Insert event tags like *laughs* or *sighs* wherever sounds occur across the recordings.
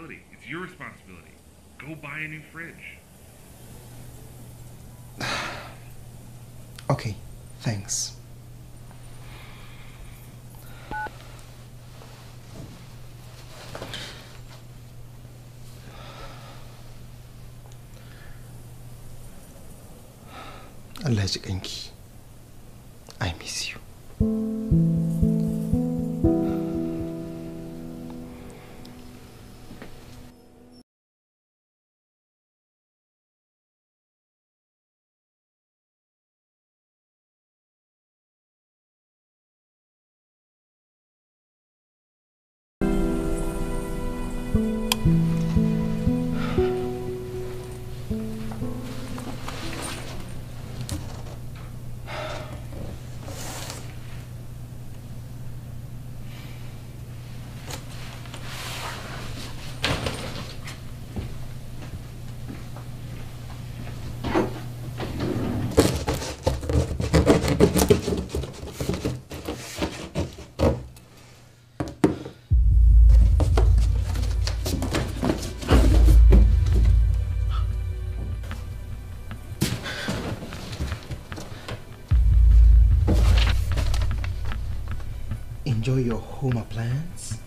responsibility. It's your responsibility. Go buy a new fridge. *sighs* okay, thanks. *sighs* Allah ji I miss you. enjoy your home appliance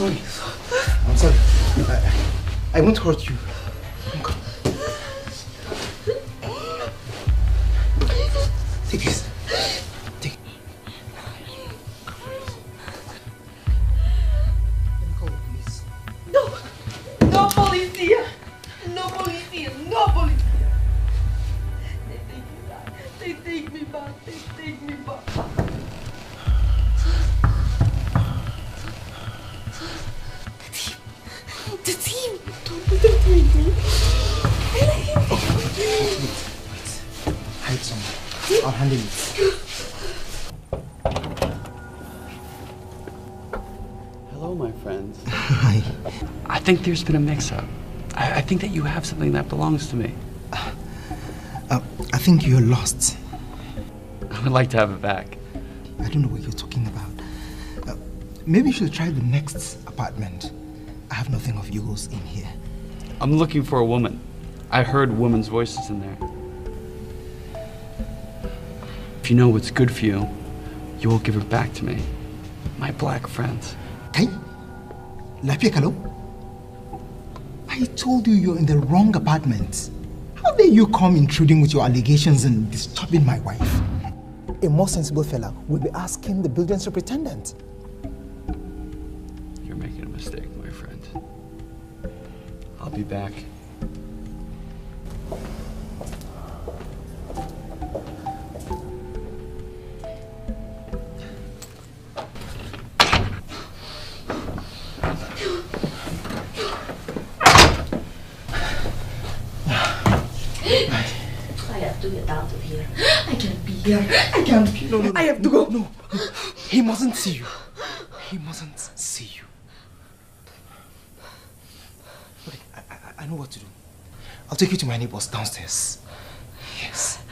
sorry. I'm sorry. I, I won't hurt you. I'll handle it. Hello, my friends. *laughs* Hi. I think there's been a mix-up. I, I, think that you have something that belongs to me. uh, I think you're lost. *laughs* I would like to have it back. I don't know what you're talking about. Uh, maybe you should try the next apartment. I have nothing of yours in here. I'm looking for a woman. I heard women's voices in there you know what's good for you, you will give it back to me, my black friend. Hey, Lapia Kalo, I told you you're in the wrong apartment. How dare you come intruding with your allegations and disturbing my wife? A more sensible fella would be asking the building superintendent. You're making a mistake, my friend. I'll be back to get out of here. I can't be here. I can't be. No, no, no. I have to go. No. He mustn't see you. He mustn't see you. Okay, I, I, I know what to do. I'll take you to my neighbors downstairs. Yes.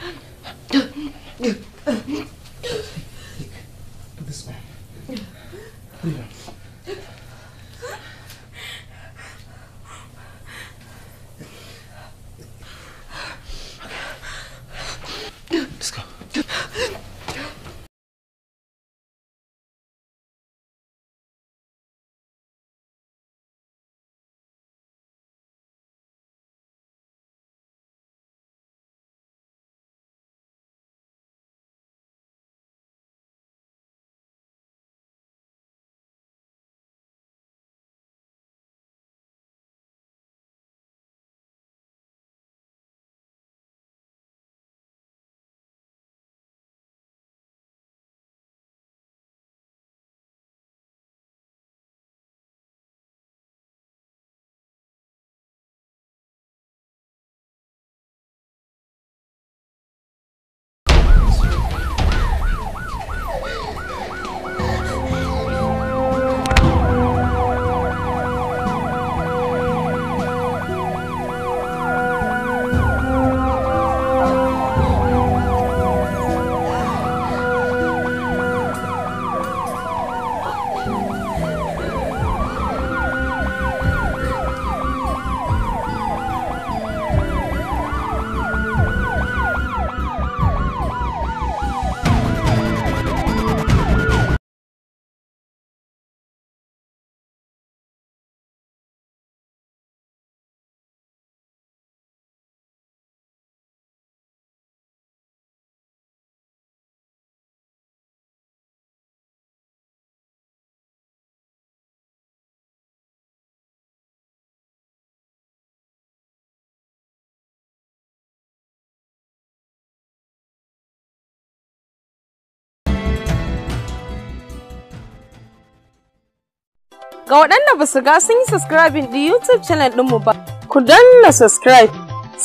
Ga waɗanda ba su ga sun yi subscribing ɗin YouTube channel ɗinmu ba, ku danna subscribe,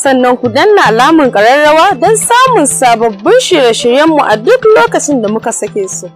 sannan ku danna alamun ƙararrawa don samun sababbin shirye-shiryenmu a duk lokacin da muka sake su.